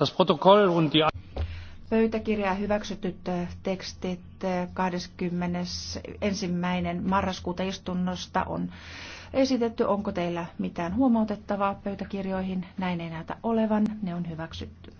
Das Protokoll und die Pöytäkirjaa hyväksytyt äh, tekstit 21. Äh, marraskuuta istunnosta on esitetty. Onko teillä mitään huomautettavaa pöytäkirjoihin? Näin ei näytä olevan. Ne on hyväksytty.